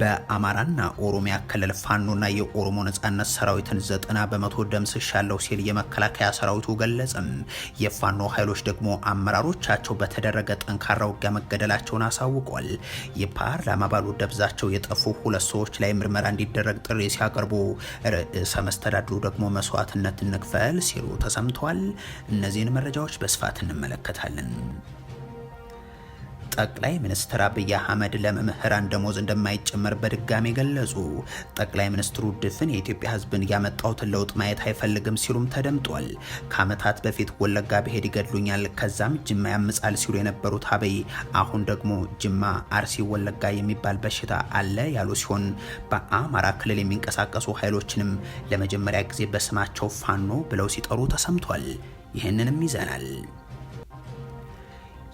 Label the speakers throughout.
Speaker 1: በአማራና ኦሮሚያ ክልል ፋኖና የኦሮሞ ነጻነት ሰራዊትን ዘጠና በመቶ ደምስሻለሁ ሲል የመከላከያ ሰራዊቱ ገለጽም። የፋኖ ኃይሎች ደግሞ አመራሮቻቸው በተደረገ ጠንካራ ውጊያ መገደላቸውን አሳውቋል። የፓርላማ ባሉ ደብዛቸው የጠፉ ሁለት ሰዎች ላይ ምርመራ እንዲደረግ ጥሪ ሲያቀርቡ፣ ርዕሰ መስተዳድሩ ደግሞ መስዋዕትነት እንክፈል ሲሉ ተሰምተዋል። እነዚህን መረጃዎች በስፋት እንመለከታለን። ጠቅላይ ሚኒስትር አብይ አህመድ ለመምህራን ደሞዝ እንደማይጨመር በድጋሚ ገለጹ። ጠቅላይ ሚኒስትሩ ድፍን የኢትዮጵያ ሕዝብን ያመጣሁትን ለውጥ ማየት አይፈልግም ሲሉም ተደምጧል። ከዓመታት በፊት ወለጋ ብሄድ ይገድሉኛል፣ ከዛም ጅማ ያምጻል ሲሉ የነበሩት አብይ አሁን ደግሞ ጅማ፣ አርሲ፣ ወለጋ የሚባል በሽታ አለ ያሉ ሲሆን በአማራ ክልል የሚንቀሳቀሱ ኃይሎችንም ለመጀመሪያ ጊዜ በስማቸው ፋኖ ብለው ሲጠሩ ተሰምቷል። ይህንንም ይዘናል።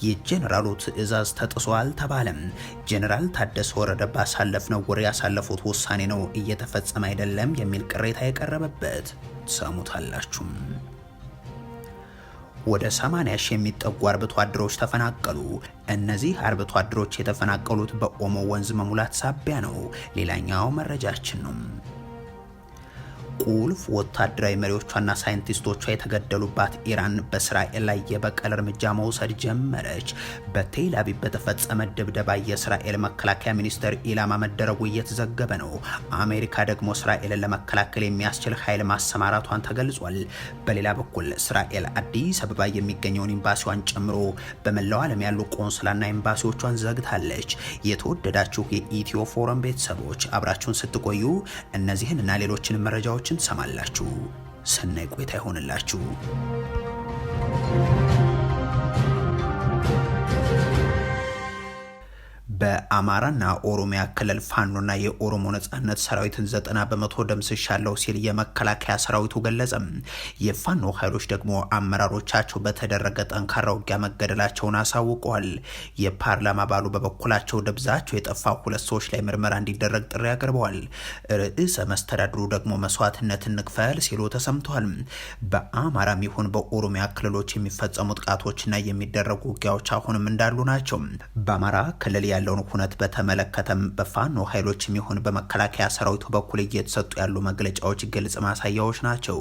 Speaker 1: የጄኔራሉ ትዕዛዝ ተጥሷል ተባለም። ጄኔራል ታደሰ ወረደ ባሳለፍነው ወር ያሳለፉት ውሳኔ ነው እየተፈጸመ አይደለም የሚል ቅሬታ የቀረበበት ሰሙታላችሁም። ወደ 80 ሺህ የሚጠጉ አርብቶ አደሮች ተፈናቀሉ። እነዚህ አርብቶ አደሮች የተፈናቀሉት በኦሞ ወንዝ መሙላት ሳቢያ ነው። ሌላኛው መረጃችን ነው። ቁልፍ ወታደራዊ መሪዎቿና ሳይንቲስቶቿ የተገደሉባት ኢራን በእስራኤል ላይ የበቀል እርምጃ መውሰድ ጀመረች። በቴል አቪቭ በተፈጸመ ድብደባ የእስራኤል መከላከያ ሚኒስቴር ኢላማ መደረጉ እየተዘገበ ነው። አሜሪካ ደግሞ እስራኤልን ለመከላከል የሚያስችል ኃይል ማሰማራቷን ተገልጿል። በሌላ በኩል እስራኤል አዲስ አበባ የሚገኘውን ኤምባሲዋን ጨምሮ በመላው ዓለም ያሉ ቆንስላና ኤምባሲዎቿን ዘግታለች። የተወደዳችሁ የኢትዮ ፎረም ቤተሰቦች አብራችሁን ስትቆዩ እነዚህን እና ሌሎችን መረጃዎች መረጃዎችን ትሰማላችሁ። ሰናይ ቆይታ ይሆንላችሁ። በአማራና ኦሮሚያ ክልል ፋኖና የኦሮሞ ነጻነት ሰራዊትን ዘጠና በመቶ ደምስሻለሁ ሲል የመከላከያ ሰራዊቱ ገለጸ። የፋኖ ኃይሎች ደግሞ አመራሮቻቸው በተደረገ ጠንካራ ውጊያ መገደላቸውን አሳውቀዋል። የፓርላማ አባሉ በበኩላቸው ደብዛቸው የጠፋ ሁለት ሰዎች ላይ ምርመራ እንዲደረግ ጥሪ አቅርበዋል። ርዕሰ መስተዳድሩ ደግሞ መስዋዕትነት እንክፈል ሲሉ ተሰምተዋል። በአማራም ይሁን በኦሮሚያ ክልሎች የሚፈጸሙ ጥቃቶችና የሚደረጉ ውጊያዎች አሁንም እንዳሉ ናቸው። በአማራ ክልል ያለው ያለውን ሁነት በተመለከተም በፋኖ ኃይሎች የሚሆን በመከላከያ ሰራዊቱ በኩል እየተሰጡ ያሉ መግለጫዎች ግልጽ ማሳያዎች ናቸው።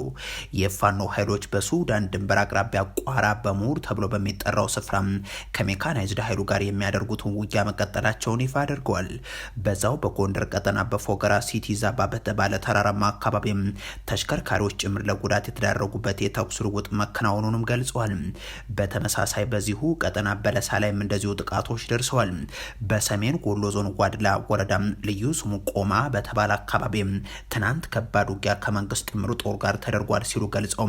Speaker 1: የፋኖ ኃይሎች በሱዳን ድንበር አቅራቢያ ቋራ በሙር ተብሎ በሚጠራው ስፍራ ከሜካናይዝድ ኃይሉ ጋር የሚያደርጉትን ውጊያ መቀጠላቸውን ይፋ አድርገዋል። በዛው በጎንደር ቀጠና በፎገራ ሲቲ ዛባ በተባለ ተራራማ አካባቢም ተሽከርካሪዎች ጭምር ለጉዳት የተዳረጉበት የተኩስ ልውውጥ መከናወኑንም ገልጿል። በተመሳሳይ በዚሁ ቀጠና በለሳ ላይም እንደዚሁ ጥቃቶች ደርሰዋል። በሰሜን ወሎ ዞን ጓድላ ወረዳ ልዩ ስሙ ቆማ በተባለ አካባቢ ትናንት ከባድ ውጊያ ከመንግስት ጥምር ጦር ጋር ተደርጓል ሲሉ ገልጸው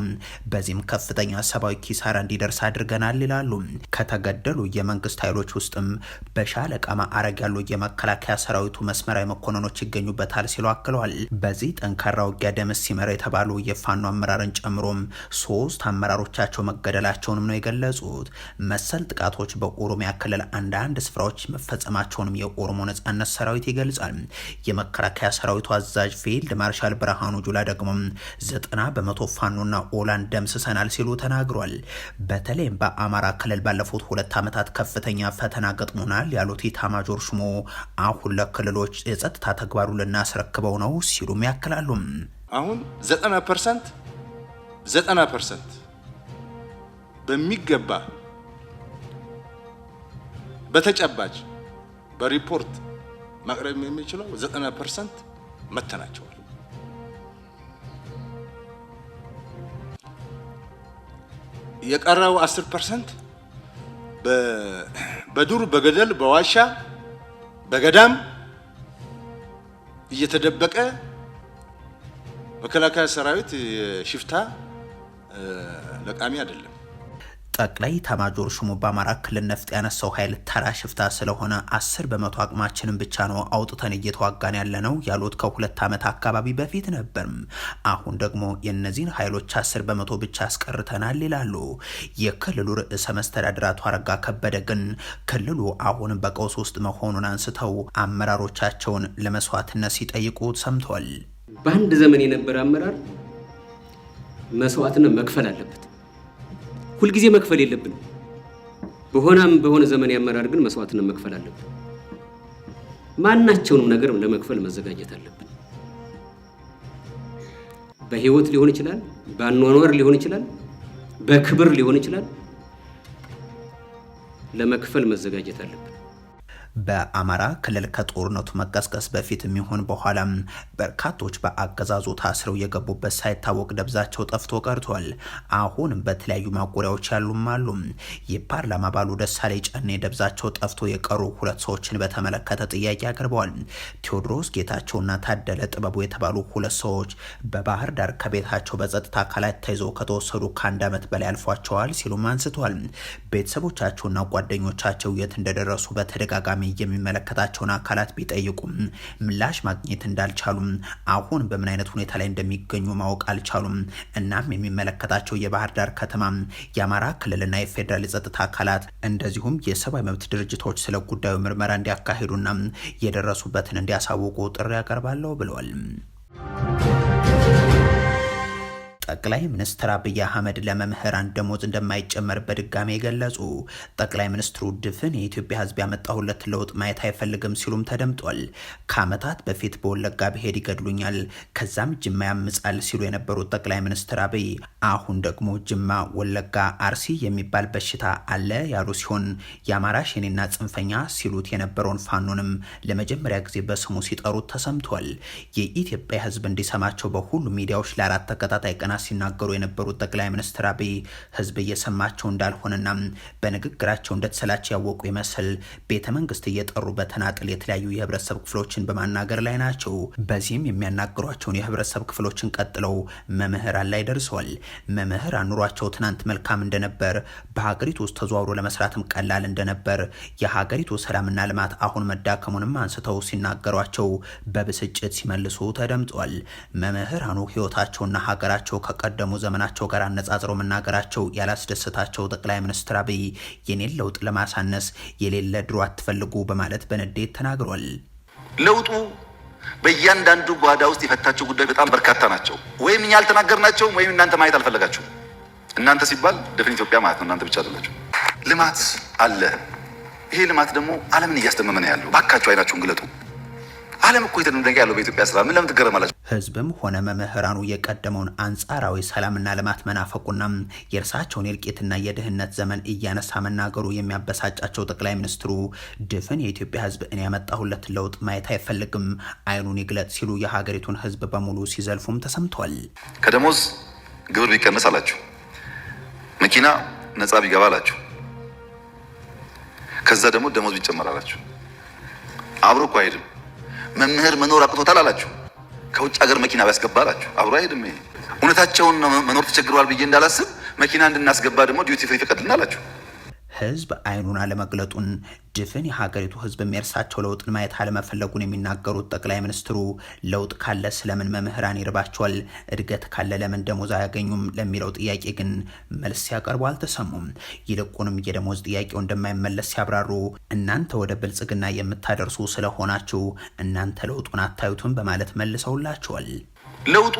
Speaker 1: በዚህም ከፍተኛ ሰብአዊ ኪሳራ እንዲደርስ አድርገናል ይላሉ። ከተገደሉ የመንግስት ኃይሎች ውስጥም በሻለቃ ማዕረግ ያሉ የመከላከያ ሰራዊቱ መስመራዊ መኮንኖች ይገኙበታል ሲሉ አክለዋል። በዚህ ጠንካራ ውጊያ ደምስ ሲመራ የተባሉ የፋኖ አመራርን ጨምሮም ሶስት አመራሮቻቸው መገደላቸውንም ነው የገለጹት። መሰል ጥቃቶች በኦሮሚያ ክልል አንዳንድ ስፍራዎች መፈጸማ መፈጸማቸውንም የኦሮሞ ነጻነት ሰራዊት ይገልጻል። የመከላከያ ሰራዊቱ አዛዥ ፊልድ ማርሻል ብርሃኑ ጁላ ደግሞ ዘጠና በመቶ ፋኖና ኦላን ደምስሰናል ሲሉ ተናግሯል። በተለይም በአማራ ክልል ባለፉት ሁለት ዓመታት ከፍተኛ ፈተና ገጥሞናል ያሉት ኢታማጆር ሹሙ አሁን ለክልሎች የጸጥታ ተግባሩ ልናስረክበው ነው ሲሉም ያክላሉ።
Speaker 2: አሁን ዘጠና ፐርሰንት ዘጠና ፐርሰንት በሚገባ በተጨባጭ በሪፖርት ማቅረብ የሚችለው ዘጠና ፐርሰንት መተናቸዋል። የቀረው አስር ፐርሰንት በዱር በገደል በዋሻ በገዳም እየተደበቀ መከላከያ ሰራዊት ሽፍታ ለቃሚ አይደለም።
Speaker 1: ጠቅላይ ኤታማዦር ሹሙ በአማራ ክልል ነፍጥ ያነሳው ኃይል ተራ ሽፍታ ስለሆነ አስር በመቶ አቅማችንን ብቻ ነው አውጥተን እየተዋጋን ያለ ነው ያሉት ከሁለት ዓመት አካባቢ በፊት ነበር። አሁን ደግሞ የእነዚህን ኃይሎች አስር በመቶ ብቻ አስቀርተናል ይላሉ። የክልሉ ርዕሰ መስተዳድር አቶ አረጋ ከበደ ግን ክልሉ አሁን በቀውስ ውስጥ መሆኑን አንስተው አመራሮቻቸውን ለመስዋዕትነት ሲጠይቁ ሰምተዋል።
Speaker 3: በአንድ ዘመን የነበረ አመራር መስዋዕትነት መክፈል አለበት። ሁልጊዜ መክፈል የለብንም። በሆነም በሆነ ዘመን ያመራር ግን መስዋዕትን መክፈል አለብን። ማናቸውንም ነገር ለመክፈል መዘጋጀት አለብን። በህይወት ሊሆን ይችላል፣ በአኗኗር ሊሆን ይችላል፣ በክብር ሊሆን ይችላል። ለመክፈል መዘጋጀት አለብን።
Speaker 1: በአማራ ክልል ከጦርነቱ መቀስቀስ በፊት የሚሆን በኋላም በርካቶች በአገዛዙ ታስረው የገቡበት ሳይታወቅ ደብዛቸው ጠፍቶ ቀርቷል። አሁን በተለያዩ ማጎሪያዎች ያሉም አሉ። የፓርላማ አባሉ ደሳሌ ጨኔ ደብዛቸው ጠፍቶ የቀሩ ሁለት ሰዎችን በተመለከተ ጥያቄ አቅርበዋል። ቴዎድሮስ ጌታቸውና ታደለ ጥበቡ የተባሉ ሁለት ሰዎች በባህር ዳር ከቤታቸው በጸጥታ አካላት ተይዘው ከተወሰዱ ከአንድ ዓመት በላይ አልፏቸዋል ሲሉም አንስተዋል። ቤተሰቦቻቸውና ጓደኞቻቸው የት እንደደረሱ በተደጋጋሚ በተደጋጋሚ የሚመለከታቸውን አካላት ቢጠይቁም ምላሽ ማግኘት እንዳልቻሉም አሁን በምን አይነት ሁኔታ ላይ እንደሚገኙ ማወቅ አልቻሉም። እናም የሚመለከታቸው የባህር ዳር ከተማ የአማራ ክልልና የፌዴራል የጸጥታ አካላት እንደዚሁም የሰብአዊ መብት ድርጅቶች ስለ ጉዳዩ ምርመራ እንዲያካሂዱና የደረሱበትን እንዲያሳውቁ ጥሪ ያቀርባለሁ ብለዋል። ጠቅላይ ሚኒስትር አብይ አህመድ ለመምህራን ደሞዝ እንደማይጨመር በድጋሚ የገለጹ ጠቅላይ ሚኒስትሩ ድፍን የኢትዮጵያ ህዝብ ያመጣሁለት ለውጥ ማየት አይፈልግም ሲሉም ተደምጧል። ከዓመታት በፊት በወለጋ ብሄድ ይገድሉኛል፣ ከዛም ጅማ ያምጻል ሲሉ የነበሩት ጠቅላይ ሚኒስትር አብይ አሁን ደግሞ ጅማ፣ ወለጋ፣ አርሲ የሚባል በሽታ አለ ያሉ ሲሆን የአማራ ሸኔና ጽንፈኛ ሲሉት የነበረውን ፋኖንም ለመጀመሪያ ጊዜ በስሙ ሲጠሩት ተሰምቷል። የኢትዮጵያ ህዝብ እንዲሰማቸው በሁሉ ሚዲያዎች ለአራት ተከታታይ ቀናት ሲናገሩ የነበሩት ጠቅላይ ሚኒስትር አብይ ህዝብ እየሰማቸው እንዳልሆነና በንግግራቸው እንደተሰላቸው ያወቁ ይመስል ቤተ መንግስት እየጠሩ በተናጥል የተለያዩ የህብረተሰብ ክፍሎችን በማናገር ላይ ናቸው። በዚህም የሚያናግሯቸውን የህብረተሰብ ክፍሎችን ቀጥለው መምህራን ላይ ደርሰዋል። መምህራን ኑሯቸው ትናንት መልካም እንደነበር፣ በሀገሪቱ ውስጥ ተዘዋውሮ ለመስራትም ቀላል እንደነበር፣ የሀገሪቱ ሰላምና ልማት አሁን መዳከሙንም አንስተው ሲናገሯቸው በብስጭት ሲመልሱ ተደምጧል። መምህራኑ ህይወታቸውና ሀገራቸው ከቀደሙ ዘመናቸው ጋር አነጻጽሮ መናገራቸው ያላስደሰታቸው ጠቅላይ ሚኒስትር አብይ የኔን ለውጥ ለማሳነስ የሌለ ድሮ አትፈልጉ በማለት በንዴት ተናግሯል።
Speaker 4: ለውጡ በእያንዳንዱ ጓዳ ውስጥ የፈታቸው ጉዳይ በጣም በርካታ ናቸው። ወይም እኛ አልተናገርናቸውም ወይም እናንተ ማየት አልፈለጋችሁም። እናንተ ሲባል ደፍን ኢትዮጵያ ማለት ነው። እናንተ ብቻ አይደላችሁ። ልማት አለ። ይሄ ልማት ደግሞ ዓለምን እያስደመመ ነው ያለው። ባካችሁ አይናችሁን ግለጡ። ዓለም እኮ የተደነቀ ያለው በኢትዮጵያ ስራ ምን ለምን ትገረማላችሁ?
Speaker 1: ህዝብም ሆነ መምህራኑ የቀደመውን አንጻራዊ ሰላምና ልማት መናፈቁና የእርሳቸውን የእልቂትና የድህነት ዘመን እያነሳ መናገሩ የሚያበሳጫቸው ጠቅላይ ሚኒስትሩ ድፍን የኢትዮጵያ ህዝብ እኔ ያመጣሁለት ለውጥ ማየት አይፈልግም፣ አይኑን ይግለጥ ሲሉ የሀገሪቱን ህዝብ በሙሉ ሲዘልፉም ተሰምቷል።
Speaker 5: ከደሞዝ ግብር ቢቀንስ አላችሁ፣ መኪና ነጻ ቢገባ አላችሁ፣ ከዛ ደግሞ ደሞዝ ቢጨመር አላችሁ። አብሮ እኮ አይሄድም። መምህር መኖር አቅቶታል አላችሁ። ከውጭ ሀገር መኪና ቢያስገባ አላችሁ። አብሮ አይሄድም። እውነታቸውን መኖር ተቸግረዋል ብዬ እንዳላስብ መኪና እንድናስገባ ደግሞ ዲዩቲ ፍሪ ፈቀድልን አላችሁ።
Speaker 1: ህዝብ አይኑን አለመግለጡን ድፍን የሀገሪቱ ህዝብ የሚያርሳቸው ለውጥን ማየት አለመፈለጉን የሚናገሩት ጠቅላይ ሚኒስትሩ ለውጥ ካለ ስለምን መምህራን ይርባቸዋል፣ እድገት ካለ ለምን ደሞዝ አያገኙም ለሚለው ጥያቄ ግን መልስ ሲያቀርቡ አልተሰሙም። ይልቁንም የደሞዝ ጥያቄው እንደማይመለስ ሲያብራሩ እናንተ ወደ ብልጽግና የምታደርሱ ስለሆናችሁ እናንተ ለውጡን አታዩትም በማለት መልሰውላቸዋል።
Speaker 4: ለውጡ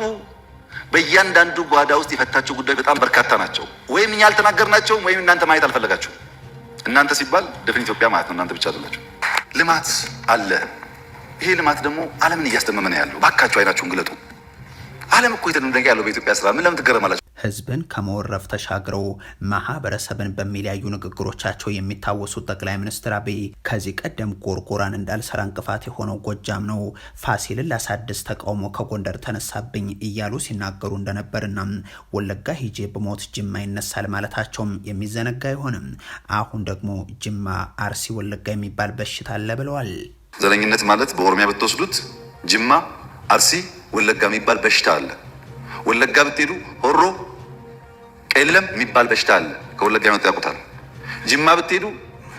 Speaker 4: በእያንዳንዱ ጓዳ ውስጥ የፈታቸው ጉዳዮች በጣም በርካታ ናቸው። ወይም እኛ አልተናገርናቸውም ወይም እናንተ ማየት አልፈለጋችሁም። እናንተ ሲባል ደፍን ኢትዮጵያ ማለት ነው። እናንተ ብቻ አይደላችሁ። ልማት አለ። ይሄ ልማት ደግሞ ዓለምን እያስደመመ ነው ያለው። ባካችሁ አይናችሁን ግለጡ። ዓለም እኮ የተደነቀ ያለው በኢትዮጵያ ስራ ምን ለምን ትገረማላችሁ?
Speaker 1: ህዝብን ከመወረፍ ተሻግረው ማህበረሰብን በሚለያዩ ንግግሮቻቸው የሚታወሱት ጠቅላይ ሚኒስትር አብይ ከዚህ ቀደም ጎርጎራን እንዳልሰራ እንቅፋት የሆነው ጎጃም ነው፣ ፋሲልን ላሳድስ ተቃውሞ ከጎንደር ተነሳብኝ እያሉ ሲናገሩ እንደነበርና ወለጋ ሂጄ ብሞት ጅማ ይነሳል ማለታቸውም የሚዘነጋ አይሆንም። አሁን ደግሞ ጅማ አርሲ ወለጋ የሚባል በሽታ አለ ብለዋል።
Speaker 6: ዘረኝነት ማለት በኦሮሚያ ብትወስዱት ጅማ አርሲ ወለጋ የሚባል በሽታ አለ። ወለጋ ብትሄዱ ሆሮ ቄለም የሚባል በሽታ አለ። ከወለጋ የመጡ ያውቁታል። ጅማ ብትሄዱ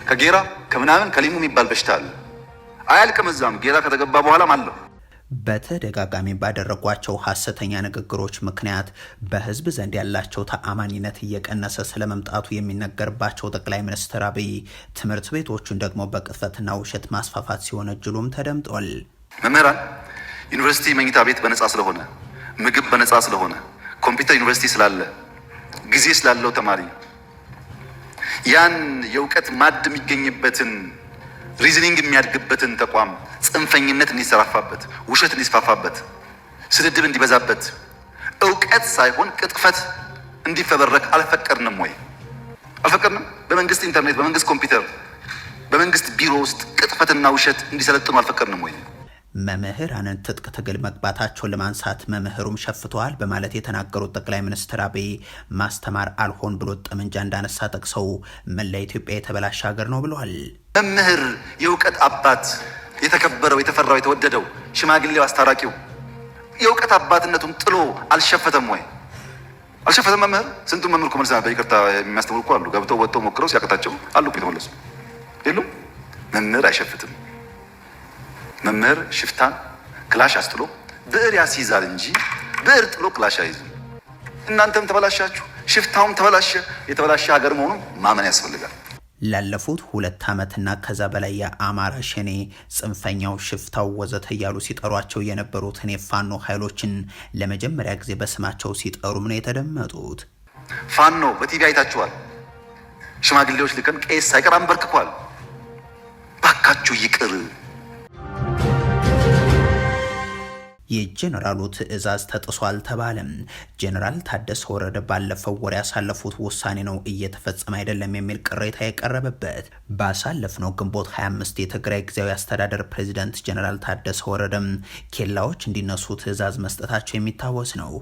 Speaker 6: ከጌራ ከምናምን ከሊሙ የሚባል በሽታ አለ። አያልቅም። እዛም ጌራ ከተገባ በኋላም አለው።
Speaker 1: በተደጋጋሚ ባደረጓቸው ሀሰተኛ ንግግሮች ምክንያት በህዝብ ዘንድ ያላቸው ተአማኒነት እየቀነሰ ስለመምጣቱ የሚነገርባቸው ጠቅላይ ሚኒስትር አብይ ትምህርት ቤቶቹን ደግሞ በቅጥፈትና ውሸት ማስፋፋት እጅሉም ተደምጧል።
Speaker 7: መምህራን ዩኒቨርሲቲ መኝታ ቤት በነጻ ስለሆነ ምግብ በነጻ ስለሆነ ኮምፒውተር ዩኒቨርሲቲ ስላለ ጊዜ ስላለው ተማሪ ያን የእውቀት ማድ የሚገኝበትን ሪዝኒንግ የሚያድግበትን ተቋም ጽንፈኝነት እንዲሰራፋበት፣ ውሸት እንዲስፋፋበት፣ ስድድብ እንዲበዛበት፣ እውቀት ሳይሆን ቅጥፈት እንዲፈበረክ አልፈቀድንም ወይ? አልፈቀድንም። በመንግስት ኢንተርኔት፣ በመንግስት ኮምፒውተር፣ በመንግስት ቢሮ ውስጥ ቅጥፈትና ውሸት እንዲሰለጥኑ አልፈቀድንም ወይ?
Speaker 1: መምህራንን ትጥቅ ትግል መግባታቸውን ለማንሳት መምህሩም ሸፍተዋል በማለት የተናገሩት ጠቅላይ ሚኒስትር አብይ ማስተማር አልሆን ብሎ ጠመንጃ እንዳነሳ ጠቅሰው መላ ኢትዮጵያ የተበላሸ ሀገር ነው ብለዋል።
Speaker 7: መምህር የእውቀት አባት የተከበረው፣ የተፈራው፣ የተወደደው ሽማግሌው፣ አስታራቂው የእውቀት አባትነቱን ጥሎ አልሸፈተም ወይ? አልሸፈተም መምህር ስንቱ መምህር እኮ መልስ በይቅርታ የሚያስተምሩ እኮ አሉ። ገብተው ወጥተው ሞክረው ሲያቅታቸው አሉ እኮ የተመለሱ የሉም። መምህር አይሸፍትም። መምህር ሽፍታን ክላሽ አስጥሎ ብዕር ያስይዛል እንጂ ብዕር ጥሎ ክላሽ አይይዝም። እናንተም ተበላሻችሁ፣ ሽፍታውም ተበላሸ። የተበላሸ ሀገር መሆኑን ማመን ያስፈልጋል።
Speaker 1: ላለፉት ሁለት ዓመትና ከዛ በላይ የአማራ ሸኔ፣ ጽንፈኛው፣ ሽፍታው ወዘተ እያሉ ሲጠሯቸው የነበሩትን የፋኖ ኃይሎችን ለመጀመሪያ ጊዜ በስማቸው ሲጠሩም ነው የተደመጡት።
Speaker 7: ፋኖ በቲቪ አይታችኋል። ሽማግሌዎች ልከን ቄስ ሳይቀር አንበርክኳል። ባካችሁ ይቅር
Speaker 1: የጀነራሉ ትዕዛዝ ተጥሷል ተባለም። ጀነራል ታደሰ ወረደ ባለፈው ወር ያሳለፉት ውሳኔ ነው እየተፈጸመ አይደለም የሚል ቅሬታ የቀረበበት ባሳለፍነው ግንቦት 25 የትግራይ ጊዜያዊ አስተዳደር ፕሬዚዳንት ጀነራል ታደሰ ወረደም ኬላዎች እንዲነሱ ትዕዛዝ መስጠታቸው የሚታወስ ነው።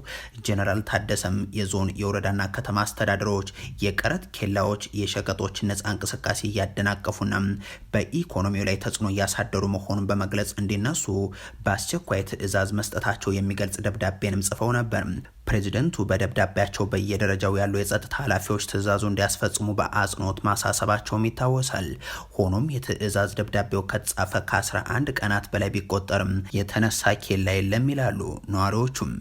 Speaker 1: ጀነራል ታደሰም የዞን የወረዳና ከተማ አስተዳደሮች የቀረጥ ኬላዎች የሸቀጦች ነፃ እንቅስቃሴ እያደናቀፉና በኢኮኖሚው ላይ ተጽዕኖ እያሳደሩ መሆኑን በመግለጽ እንዲነሱ በአስቸኳይ ትዕዛዝ መስጠታቸው የሚገልጽ ደብዳቤንም ጽፈው ነበር። ፕሬዚደንቱ በደብዳቤያቸው በየደረጃው ያሉ የጸጥታ ኃላፊዎች ትዕዛዙ እንዲያስፈጽሙ በአጽንኦት ማሳሰባቸውም ይታወሳል። ሆኖም የትዕዛዝ ደብዳቤው ከተጻፈ ከ11 ቀናት በላይ ቢቆጠርም የተነሳ ኬላ የለም ይላሉ ነዋሪዎቹም።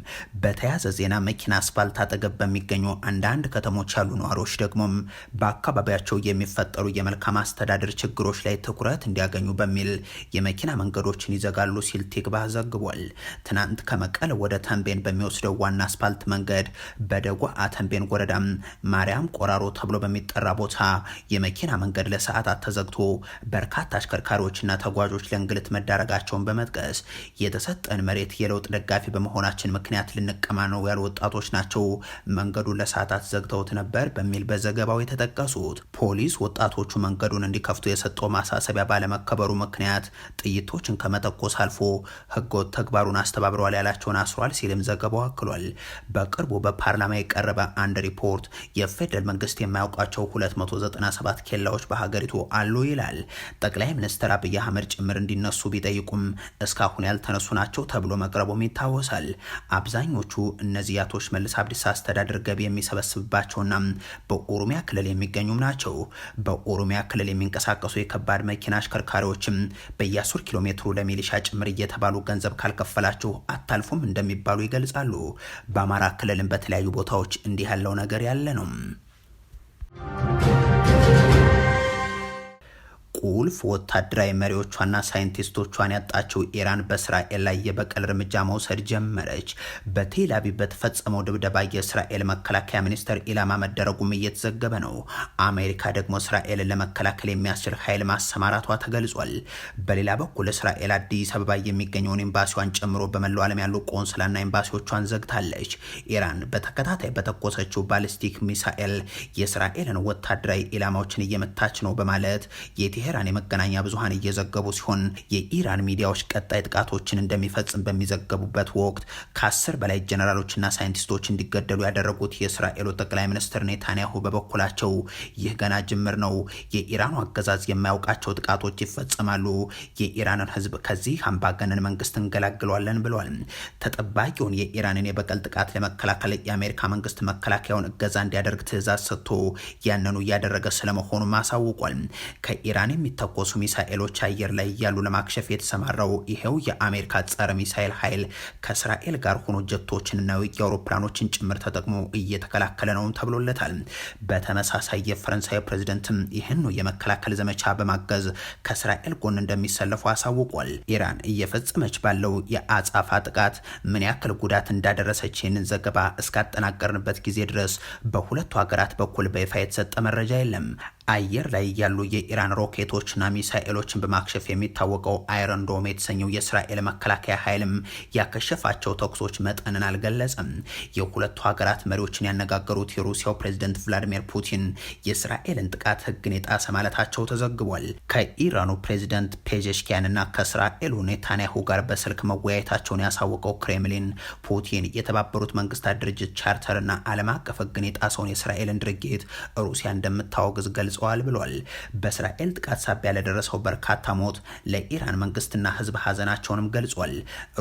Speaker 1: በተያያዘ ዜና መኪና አስፋልት አጠገብ በሚገኙ አንዳንድ ከተሞች ያሉ ነዋሪዎች ደግሞም በአካባቢያቸው የሚፈጠሩ የመልካም አስተዳደር ችግሮች ላይ ትኩረት እንዲያገኙ በሚል የመኪና መንገዶችን ይዘጋሉ ሲል ቲግባ ዘግቧል። ትናንት ከመቀለ ወደ ተንቤን በሚወስደው ዋና አስፋልት 7 መንገድ በደጓ አተንቤን ወረዳም ማርያም ቆራሮ ተብሎ በሚጠራ ቦታ የመኪና መንገድ ለሰዓታት ተዘግቶ በርካታ አሽከርካሪዎችና ተጓዦች ለእንግልት መዳረጋቸውን በመጥቀስ የተሰጠን መሬት የለውጥ ደጋፊ በመሆናችን ምክንያት ልንቀማ ነው ያሉ ወጣቶች ናቸው መንገዱን ለሰዓታት ዘግተውት ነበር በሚል በዘገባው የተጠቀሱት። ፖሊስ ወጣቶቹ መንገዱን እንዲከፍቱ የሰጠው ማሳሰቢያ ባለመከበሩ ምክንያት ጥይቶችን ከመተኮስ አልፎ ህገወጥ ተግባሩን አስተባብረዋል ያላቸውን አስሯል ሲልም ዘገባው አክሏል። በቅርቡ በፓርላማ የቀረበ አንድ ሪፖርት የፌደራል መንግስት የማያውቃቸው 297 ኬላዎች በሀገሪቱ አሉ ይላል። ጠቅላይ ሚኒስትር አብይ አህመድ ጭምር እንዲነሱ ቢጠይቁም እስካሁን ያልተነሱ ናቸው ተብሎ መቅረቡም ይታወሳል። አብዛኞቹ እነዚህ የአቶ ሽመልስ አብዲሳ አስተዳደር ገቢ የሚሰበስብባቸውና በኦሮሚያ ክልል የሚገኙም ናቸው። በኦሮሚያ ክልል የሚንቀሳቀሱ የከባድ መኪና አሽከርካሪዎችም በየአስር ኪሎ ሜትሩ ለሚሊሻ ጭምር እየተባሉ ገንዘብ ካልከፈላችሁ አታልፉም እንደሚባሉ ይገልጻሉ። አማራ ክልልን በተለያዩ ቦታዎች እንዲህ ያለው ነገር ያለ ነው። ቁልፍ ወታደራዊ መሪዎቿና ሳይንቲስቶቿን ያጣቸው ኢራን በእስራኤል ላይ የበቀል እርምጃ መውሰድ ጀመረች። በቴል በተፈጸመው ድብደባ የእስራኤል መከላከያ ሚኒስቴር ኢላማ መደረጉም እየተዘገበ ነው። አሜሪካ ደግሞ እስራኤልን ለመከላከል የሚያስችል ኃይል ማሰማራቷ ተገልጿል። በሌላ በኩል እስራኤል አዲስ አበባ የሚገኘውን ኤምባሲዋን ጨምሮ በመላው ዓለም ያሉ ቆንስላና ኤምባሲዎቿን ዘግታለች። ኢራን በተከታታይ በተኮሰችው ባሊስቲክ ሚሳኤል የእስራኤልን ወታደራዊ ኢላማዎችን እየመታች ነው በማለት የቴ የቴህራን የመገናኛ ብዙሀን እየዘገቡ ሲሆን የኢራን ሚዲያዎች ቀጣይ ጥቃቶችን እንደሚፈጽም በሚዘገቡበት ወቅት ከአስር በላይ ጀነራሎችና ሳይንቲስቶች እንዲገደሉ ያደረጉት የእስራኤሉ ጠቅላይ ሚኒስትር ኔታንያሁ በበኩላቸው ይህ ገና ጅምር ነው፣ የኢራኑ አገዛዝ የማያውቃቸው ጥቃቶች ይፈጸማሉ፣ የኢራንን ህዝብ ከዚህ አምባገነን መንግስት እንገላግሏለን ብሏል። ተጠባቂውን የኢራንን የበቀል ጥቃት ለመከላከል የአሜሪካ መንግስት መከላከያውን እገዛ እንዲያደርግ ትእዛዝ ሰጥቶ ያንኑ እያደረገ ስለመሆኑ ማሳውቋል። ከኢራን የሚተኮሱ ሚሳኤሎች አየር ላይ እያሉ ለማክሸፍ የተሰማራው ይሄው የአሜሪካ ጸረ ሚሳኤል ኃይል ከእስራኤል ጋር ሆኖ ጀቶችንና ውጊያ አውሮፕላኖችን ጭምር ተጠቅሞ እየተከላከለ ነው ተብሎለታል። በተመሳሳይ የፈረንሳይ ፕሬዚደንትም ይህኑ የመከላከል ዘመቻ በማገዝ ከእስራኤል ጎን እንደሚሰለፉ አሳውቋል። ኢራን እየፈጸመች ባለው የአጻፋ ጥቃት ምን ያክል ጉዳት እንዳደረሰች ይህንን ዘገባ እስካጠናቀርንበት ጊዜ ድረስ በሁለቱ ሀገራት በኩል በይፋ የተሰጠ መረጃ የለም። አየር ላይ ያሉ የኢራን ሮኬቶችና ሚሳኤሎችን በማክሸፍ የሚታወቀው አይረን ዶም የተሰኘው የእስራኤል መከላከያ ኃይልም ያከሸፋቸው ተኩሶች መጠንን አልገለጸም። የሁለቱ ሀገራት መሪዎችን ያነጋገሩት የሩሲያው ፕሬዝደንት ቭላዲሚር ፑቲን የእስራኤልን ጥቃት ሕግን የጣሰ ማለታቸው ተዘግቧል። ከኢራኑ ፕሬዝደንት ፔጀሽኪያንና ከእስራኤሉ ኔታንያሁ ጋር በስልክ መወያየታቸውን ያሳወቀው ክሬምሊን ፑቲን የተባበሩት መንግስታት ድርጅት ቻርተርና ዓለም አቀፍ ሕግን የጣሰውን የእስራኤልን ድርጊት ሩሲያ እንደምታወግዝ ገልጸ ገልጸዋል ብሏል። በእስራኤል ጥቃት ሳቢያ ለደረሰው በርካታ ሞት ለኢራን መንግስትና ህዝብ ሀዘናቸውንም ገልጿል።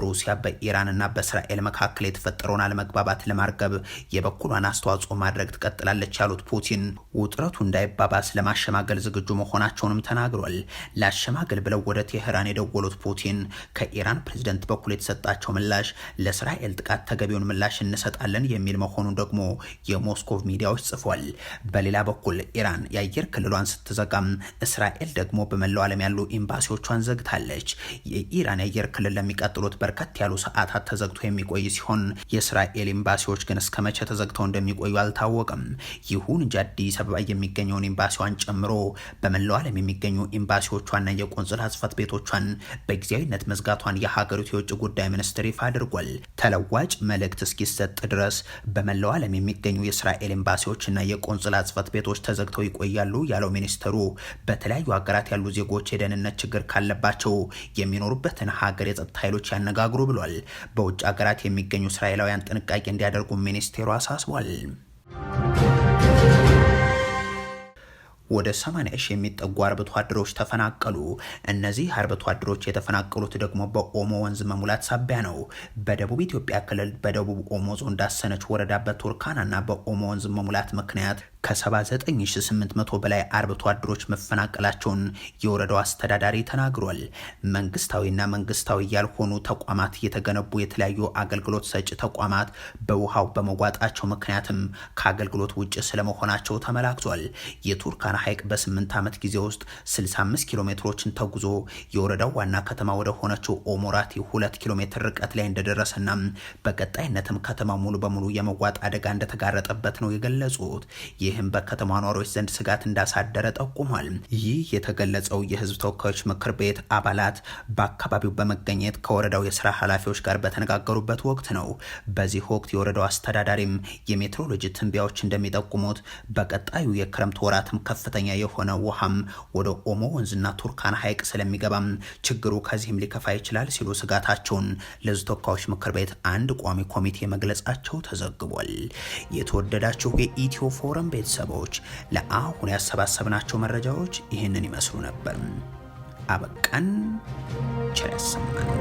Speaker 1: ሩሲያ በኢራንና በእስራኤል መካከል የተፈጠረውን አለመግባባት ለማርገብ የበኩሏን አስተዋጽኦ ማድረግ ትቀጥላለች ያሉት ፑቲን ውጥረቱ እንዳይባባስ ለማሸማገል ዝግጁ መሆናቸውንም ተናግሯል። ለአሸማገል ብለው ወደ ቴህራን የደወሉት ፑቲን ከኢራን ፕሬዝደንት በኩል የተሰጣቸው ምላሽ ለእስራኤል ጥቃት ተገቢውን ምላሽ እንሰጣለን የሚል መሆኑን ደግሞ የሞስኮቭ ሚዲያዎች ጽፏል። በሌላ በኩል ኢራን የአየር የአየር ክልሏን ስትዘጋም እስራኤል ደግሞ በመላው ዓለም ያሉ ኤምባሲዎቿን ዘግታለች። የኢራን የአየር ክልል ለሚቀጥሉት በርከት ያሉ ሰዓታት ተዘግቶ የሚቆይ ሲሆን የእስራኤል ኤምባሲዎች ግን እስከ መቼ ተዘግተው እንደሚቆዩ አልታወቅም። ይሁን እንጂ አዲስ አበባ የሚገኘውን ኤምባሲዋን ጨምሮ በመላው ዓለም የሚገኙ ኤምባሲዎቿና የቆንጽላ ጽሕፈት ቤቶቿን በጊዜያዊነት መዝጋቷን የሀገሪቱ የውጭ ጉዳይ ሚኒስትር ይፋ አድርጓል። ተለዋጭ መልእክት እስኪሰጥ ድረስ በመላው ዓለም የሚገኙ የእስራኤል ኤምባሲዎችና የቆንጽላ ጽሕፈት ቤቶች ተዘግተው ይቆያሉ ይችላሉ ያለው ሚኒስትሩ በተለያዩ ሀገራት ያሉ ዜጎች የደህንነት ችግር ካለባቸው የሚኖሩበትን ሀገር የጸጥታ ኃይሎች ያነጋግሩ ብሏል። በውጭ ሀገራት የሚገኙ እስራኤላውያን ጥንቃቄ እንዲያደርጉ ሚኒስቴሩ አሳስቧል። ወደ 80 ሺህ የሚጠጉ አርብቶ አደሮች ተፈናቀሉ። እነዚህ አርብቶ አደሮች የተፈናቀሉት ደግሞ በኦሞ ወንዝ መሙላት ሳቢያ ነው። በደቡብ ኢትዮጵያ ክልል በደቡብ ኦሞ ዞን ዳሰነች ወረዳ በቱርካናና በኦሞ ወንዝ መሙላት ምክንያት ከ79800 በላይ አርብቶ አደሮች መፈናቀላቸውን የወረዳው አስተዳዳሪ ተናግሯል። መንግስታዊና መንግስታዊ ያልሆኑ ተቋማት የተገነቡ የተለያዩ አገልግሎት ሰጪ ተቋማት በውሃው በመዋጣቸው ምክንያትም ከአገልግሎት ውጭ ስለመሆናቸው ተመላክቷል። የቱርካን ሐይቅ በ8 ዓመት ጊዜ ውስጥ 65 ኪሎ ሜትሮችን ተጉዞ የወረዳው ዋና ከተማ ወደ ሆነችው ኦሞራቲ 2 ኪሎ ሜትር ርቀት ላይ እንደደረሰና በቀጣይነትም ከተማ ሙሉ በሙሉ የመዋጥ አደጋ እንደተጋረጠበት ነው የገለጹት። ይህም በከተማ ኗሪዎች ዘንድ ስጋት እንዳሳደረ ጠቁሟል። ይህ የተገለጸው የህዝብ ተወካዮች ምክር ቤት አባላት በአካባቢው በመገኘት ከወረዳው የስራ ኃላፊዎች ጋር በተነጋገሩበት ወቅት ነው። በዚህ ወቅት የወረዳው አስተዳዳሪም የሜትሮሎጂ ትንቢያዎች እንደሚጠቁሙት በቀጣዩ የክረምት ወራትም ከፍተኛ የሆነ ውሃም ወደ ኦሞ ወንዝና ቱርካን ሐይቅ ስለሚገባም ችግሩ ከዚህም ሊከፋ ይችላል ሲሉ ስጋታቸውን ለህዝብ ተወካዮች ምክር ቤት አንድ ቋሚ ኮሚቴ መግለጻቸው ተዘግቧል። የተወደዳችሁ የኢትዮ ፎረም ቤተሰቦች ለአሁን ያሰባሰብናቸው መረጃዎች ይህንን ይመስሉ ነበር። አበቃን። ቸር ያሰማን።